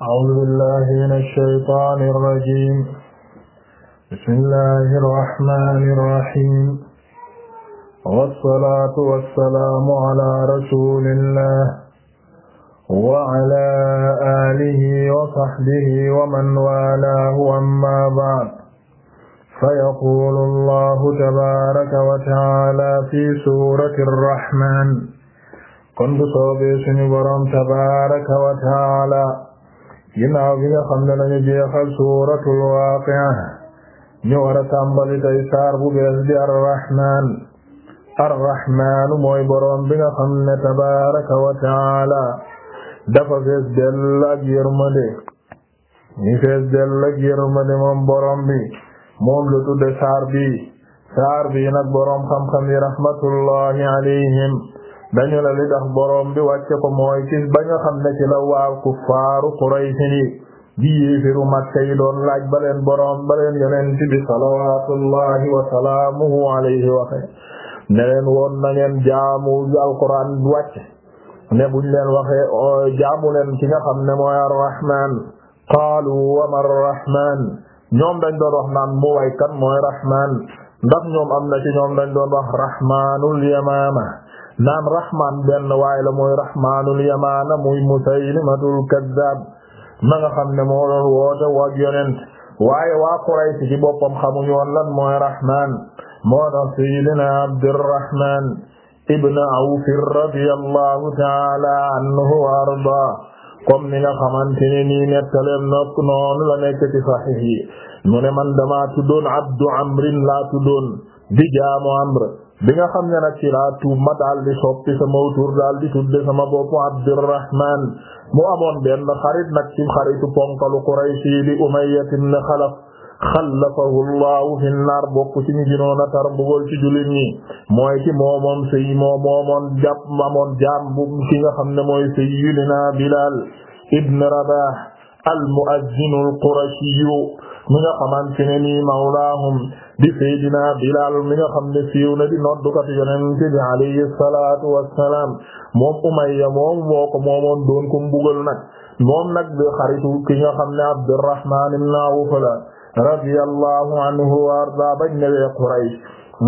أعوذ بالله من الشيطان الرجيم بسم الله الرحمن الرحيم والصلاة والسلام على رسول الله وعلى آله وصحبه ومن والاه أما بعد فيقول الله تبارك وتعالى في سورة الرحمن kon bu soobee suñu Boroom tabaraka wa taala ginnaaw bi nga xam ne lañu jeexal suuratul waaqi'a ñu war a tàmbali tey saar bu bees di arrahmaan arrahmaanu mooy boroom bi nga xam ne tabaaraka wa taala dafa fees dell ma yërmande ñi fees dell ak yërmande moom boroom bi moom la tudde saar bi saar bi nag boroom xam-xam yi rahmatullahi alayhim dañu la li dax boroom bi wàcce ko mooy ci ba nga xam ne ci la waaw kuffaaru Quraysi ni di yéefiru Makka yi doon laaj ba leen boroom ba leen yonent bi salawaatullahi wa salaamuhu alayhi waxe ne leen woon na ngeen jaamu alquran wàcc ne buñ leen waxee jaamu leen ci nga xam ne mooy arrahman qaalu wa man ñoom dañ doon wax naan mu way kan mooy rahman ñoom am na ci ñoom dañ doon wax rahmanul yamaama naan rahman benn waay la mooy rahmaanul yamaana muy musaylimatul kaddaab ma ne moo doon woote wak yonent waa Quraysh ci boppam xamuñu woon lan mooy rahman moo tax sayyidina Abdurrahman ibn Awf radiyallahu ta'ala anhu wa arda comme ni nga xamante ne nii nettaleen nok noonu la nekk ci sahih yi mu ne man Abdu Amrin laa tuddoon di jaamu bi nga xam ne nag ci ma daal di soppi sama tur daal di tudde sama bopp Abdurrahman mu amoon benn xarit nag ci xaritu ponkalu Qurayshi di Umayya ibn Xalaf xalafahu llahu fi naar bokk ci ñu gënoon a tar mbugal ci jullit ñi mooy ci moo moomoon jàpp ki nga xam ne mooy sayyidina Bilal ibn Rabah al-mu'azzin al-qurashi mi nga xamante ne nii mawlaahum di Seydina Bilal mi nga xam ne siiw na di noddukat yonent bi alayhi salaatu wassalaam moom Umayya moom moo ko moomoon doon ko mbugal nag moom nag di xaritu ki nga xam ne Abdurrahmaan ibn Awf la radiyallahu anhu wa arda bañ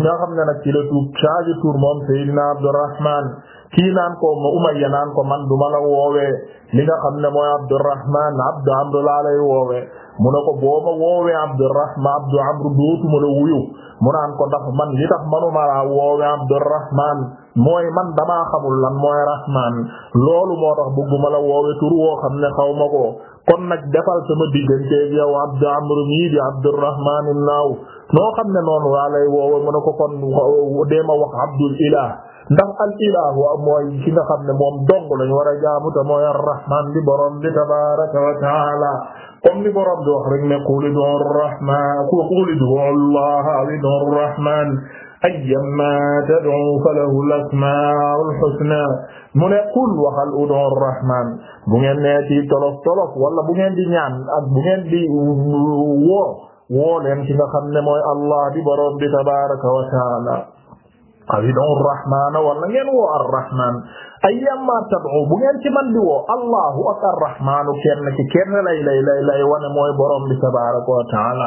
nga xam ne nag ci la tuub changé tour moom Seydina Abdurrahman kii naan ko ma Umayya naan ko man du ma la woowee li nga xam ne mooy Abdurrahman Abdu Amr laa lay mu ne ko boo woowe woowee Abdurrahman Abdu Amr dootuma la wuyu mu naan ko ndax man li tax manuma laa woowee Abdurrahman mooy man damaa xamul lan mooy rahmaan loolu moo tax bëgguma la woowe tur woo xam ne xaw ma ko kon nag defal sama digganteeg yow abdu amr mi di abdurrahman ibn awf noo xam ne noonu waa lay woowe mu ne ko kon deema wax abdul ilah ndax al ilahu mooy ki nga xam ne moom dong lañu war a jaamu te mooy arrahman di borom bi tabaraka wa taala comme ni borom bi wax rek ne qul ud'u arrahman qul ud'u allah aw ayyamaa tad'uu falahu al-asmaa'ul husnaa mu ne qul waxal ud'u rahmaan bu ngeen nee ci tolof tolof wala bu ngeen di ñaan ak bu ngeen di woo woo leen ci nga xam ne mooy Allah di boroom bi tabaaraka wa ta'aala aw ud'u rahmaan wala ngeen woo ar-rahmaan ayyama tad'u bu ngeen ci man di woo allahu ak arrahmaanu kenn ci kenn lay lay lay lay wane mooy borom bi tabaaraka wa taala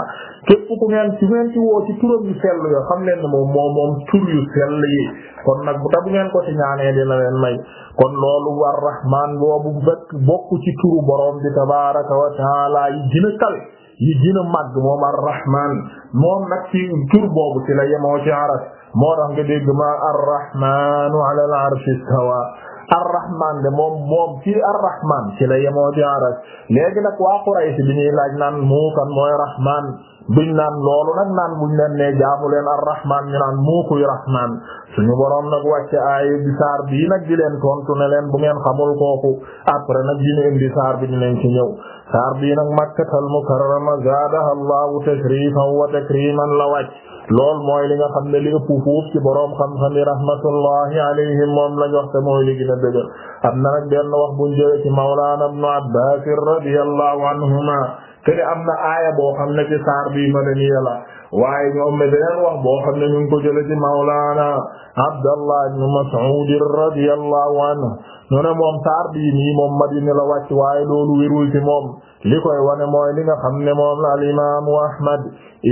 képp ku ngeen ci ngeen ci woo ci turam yu sell yoo xam leen ne moom moom moom tur yu sell yi kon nag bu ta bu ngeen ko ci ñaanee dina leen may kon loolu arrahmaan boobu bekk bokk ci turu borom bi tabaaraka wa taala yi dina kal yi gën a màgg moom ar-Rahman moom nag ci tur boobu ci la yemoo ci aras moo tax nga dégg ma ar-Rahmanu ala al-arshi istawa arrahman de moom moom ci arrahman ci la moo ci arash léegi nag waa Quraysh bi ñuy laaj naan mu kan mooy rahman buñ naan loolu nag naan buñ leen ne jaamu leen arrahman ñu naan mu kuy rahman suñu na nag wàcce aay bi saar bii nag di leen tontu ne leen bu ngeen xamul kooku après nag di ñu indi saar bi dinañ ci ñëw saar bii nag makkatal mukarrama zaadaha allahu tashrifan wa takriman la wàcc lool mooy li nga xam ne li ëpp fuuf ci boroom xam-xam yi rahmatullahi alayhim moom lañ wax te mooy li gën a dëgër am na nag benn wax buñ jëlee ci mawlaana ibnu abbaas radiyallahu anhuma te am na aaya boo xam ne ci saar bi madaniya la waaye ñoom wax boo xam ne ñu ngi ko jëlee ci mawlaana abdallah ibnu mas'uud radiyallahu anhu ñu ne moom saar bii nii moom madina la wàcc waaye lool wérul ci moom li koy wane mooy li nga xam ne moom la al imaamu ahmad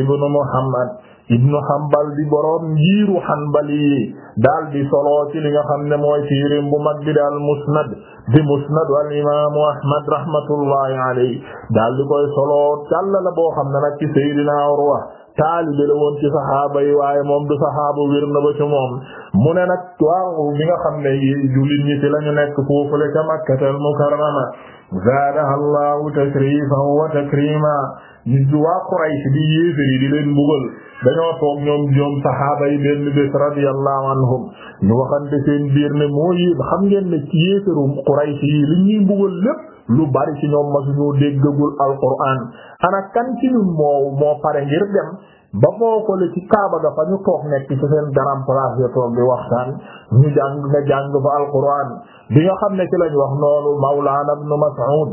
ibnu muhammad ibnu Hanbal di boroom njiiru Hanbali daal di solo ci li nga xam ne mooy tiirim bu mag bi daal musnad di musnad al imaamu Ahmad rahmatullahi alayhi daal di koy solo talla boo xam ne nag ci Seydina Urwa taalibe la woon ci saxaaba moom du saxaaba wér na ba ci mu ne nag waaw bi nga xam ne jullit ñi ci lañu nekk foofule ca Makkatal Mukarrama zaadaha Allahu tashrifan wa takrima ñu waa Quraysh di yéefari di leen mbugal dañoo toog ñoom ñoom saxaaba yi benn bés radiyallahu anhum ñu waxante seen biir ne moo yéen xam ngeen ne ci yéefarum Quraysh yi li ñuy mbugal lépp lu bari ci ñoom masuñu déggagul alquran ana kan ci ñun moo moo pare ngir dem ba moo ko le kaaba ga fa ñu toog nekk ci seen grand place de toog di waxtaan ñu jàng fa alquran bi nga xam ne ci lañ wax noonu Mawlana ibn Mas'ud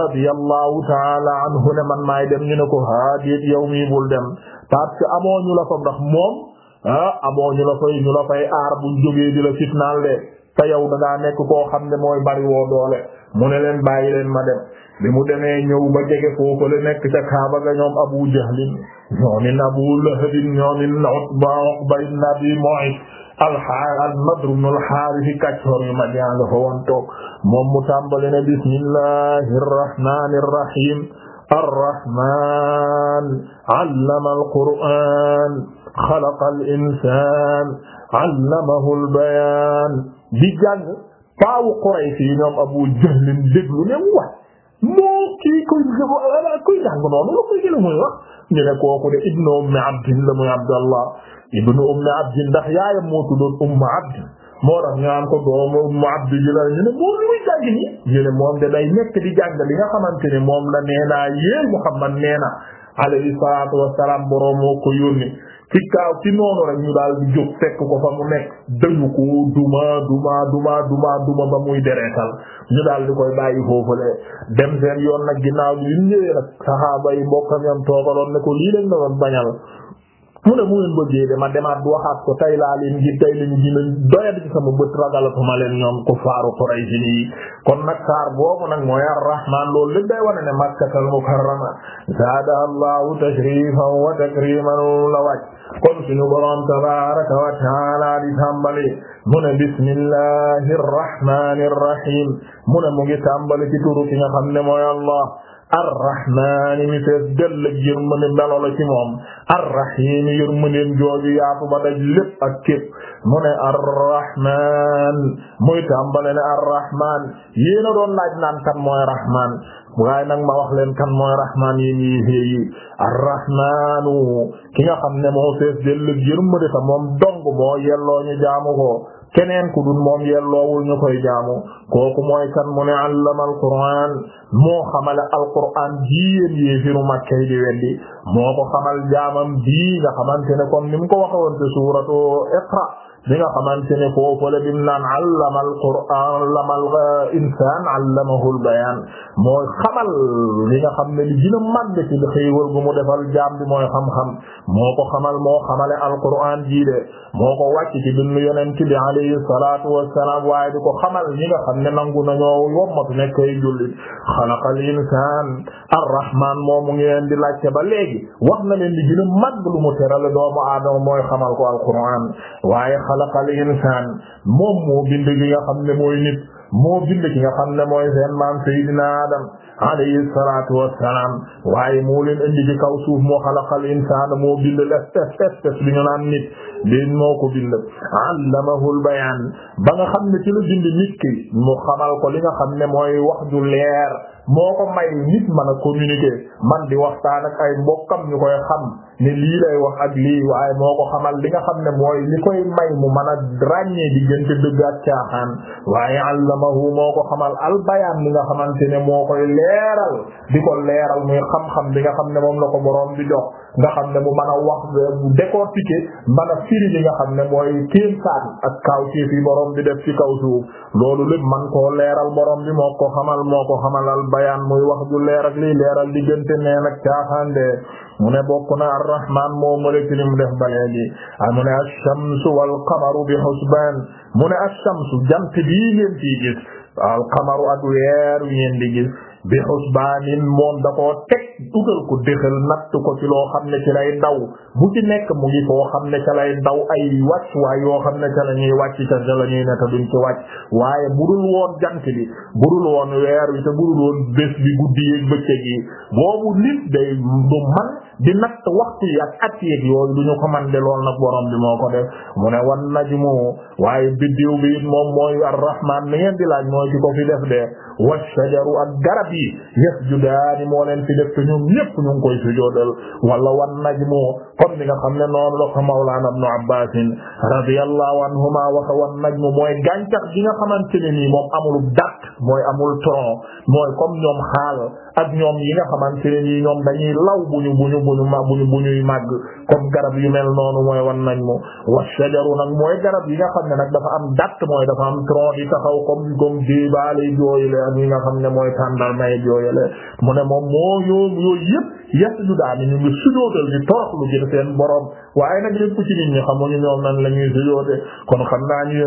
radiyallahu ta'ala anhu ne man maay dem ñu ne ko haadéet yow bul dem parce que amoo la fa ndax moom ah amoo ñu la fay ñu la fay aar bu jógee di la fitnaal de te yow da ngaa nekk koo xam ne mooy bari woo doole mu ne leen bàyyi leen ma dem bi mu demee ñëw ba jege foofu la nekk ca Kaaba ga ñoom Abu Jahlin ñoomin Abu Lahabin ñoomin Utba Uqba ibn Abi Mu'ayt alxaar al-Nadr ibn al-Haaris kàccoor yu mag yaa nga toog moom mu tàmbali ne bismillahir rahmanir rahim arrahman allama alqur'an xalaqa al insan allamahu albayan di jàng paawu Quraysh yi ñoom Abu Jahl déglu ne wax moo kii koy koy jàng noonu la koy jël muy wax ñu ne kooku de ibnu ummi abdin la muy Abdallah ibnu ummi abdin ndax yaayam moo tuddoon ummu abdin moo tax ñu naan ko doomu abdu ji la ñu ne moom lu muy jàng nii ñu ne moom de day nekk di jàng li nga xamante ne moom la nee naa yéen Muhammad nee na alayhi salaatu wassalaam boroom moo ko yónni ci kaaw ci noonu rek ñu daal di jóg fekk ko fa mu nekk dañu ko duma duma duma duma duma ba muy dereetal ñu daal di koy bàyyi foofule dem seen yoon nag ginnaaw bi ñu ñëwee nag saxaaba yi mbokkam yam toogaloon ne ko lii lañ la doon bañal mu ne mu ngeen bëggee dama demaat bu waxaat ko tay laa leen gi tay lañu gi lañ doyat ci sama bët ragalatuma leen ñoom kuffaaru Quraysh yi kon nag saar boobu nag mooy ar-Rahmaan loolu lépp day wane ne Makkatal Mukarrama zaada Allahu tashrifan wa takriman la wàcc kon suñu boroom tabaaraka wa taala di tàmbali mu ne bismillahir rahmanir rahim mu ne mu ngi tàmbali ci nga xam ne mooy Allah arrahmaani mi fees dell ak yërmande melo la ci moom arrahiimi yërmandeem jooju yaatu ba daj lépp ak képp arrahmaan muy tàmbale ne arrahmaan yéena doon laaj naan kan mooy rahmaan waaye nag ma wax leen kan mooy rahmaan yéen yi xéeyi arrahmaanu ki nga xam ne moo fees dell ak yërmande ta moom dong moo yelloo ñu jaamu ko keneen ku dul moom yelloowul ñu koy jaamu kooku mooy kan mu ne allama alquran moo xamale alquran jiyéen yéefiru makka yi di weddi moo ko xamal jaamam bii nga xamante ne comme ni mu ko waxe woon te suuratu iqra li nga xamante ne foofu la bim naan allama al qur'an allama al insan allamahu al mooy xamal li nga xam ne mu defal jaam mooy xam moo ko xamal moo xamale al moo ko wàcc ci binnu yonent bi waaye di ko xamal ñi nga xam ne nangu nañoo yommatu nekk ay jullit xalaqa al di laajte ba léegi wax na lu mu terale doomu aadama mooy xamal ko al xalaqal insaan moom moo bind ki nga xam ne mooy nit moo bind ki nga xam ne mooy seen maam Seydina Adam alayhi salaatu wassalaam waaye moo leen indi ci kaw suuf moo xalaqal insaan moo bind l'espèce bi ñu naan nit di moo ko bind allamahul bayaan ba nga xam ne ci la bind nit ki mu xamal ko li nga xam ne mooy wax ju leer moo ko may nit mën a communiquer man di waxtaan ak ay mbokkam ñu koy xam ni lii lay wax ak lii waaye moo ko xamal li nga xam ne mooy li koy may mu mën a ràññee diggante dëgg ak waaye allamahu moo ko xamal albayaan li nga xamante ne moo koy leeral di ko leeral muy xam-xam bi nga xam ne moom la ko boroom bi jox nga xam ne mu mën a wax décortiquer mën a firi li nga xam ne mooy kéemtaan ak kaw ciif yi boroom bi def ci kaw suuf loolu lépp man koo leeral boroom bi moo ko xamal moo ko xamal albayaan muy wax ju leer ak lii leeral diggante te nee nag caaxaan de mu ne bokk na arrahman moo male ci lim def balee gi a ah, mu ne ash-shamsu wal qamaru bi husban mu ne ash-shamsu jant bii ngeen ciy gis wal qamaru ak weer wi ngeen di gis bi husbanin moom da koo teg dugal ko déxal natt ko ci loo xam ne ci lay ndaw bu ci nekk mu ngi foo xam ne ca lay daw ay wàcc waay yoo xam ne ca la ñuy wàcc ca ca la ñuy neta duñ ci wàcc waaye budul woon jant bi bu budul woon weer bi te budul woon bés bi guddi yeeg bëccëg yi boobu nit day du man di natt waxtu yi ak at yeeg yooyu duñu ko man de lool nag borom bi moo ko def mu ne wan najmu waaye biddiw bi it moom mooy arrahman mi ngeen di laaj mooy ci ko fi def de wa shajaru ak garab yi ñoom ñépp ñu ngi koy sujoodal wala wan najmu comme ni nga xam ne noonu la ko Mawlana Ibn Abbas radiyallahu anhuma waxa wan najmu mooy gàncax gi nga xamante ne nii moom amul dara mooy amul tron mooy comme ñoom xaal ak ñoom yi nga xamante ne nii ñoom dañuy law bu ñu bu ñu bu ñu bu ñu bu ñuy màgg comme garab yu mel noonu mooy wan nañ mu wa shajaru nag mooy garab yi nga xam ne nag dafa am datt mooy dafa am tronc di taxaw comme comme débaale jooyale ak yi nga xam ne mooy tàndal may jooyale mu ne moom moo yoo yooyu yëpp yas yu daal ñu ngi sujootal di toroxlu gën seen borom waaye nag lépp ci nit ñi xamuñu ñoom nan la ñuy sujoote kon xam naa ñu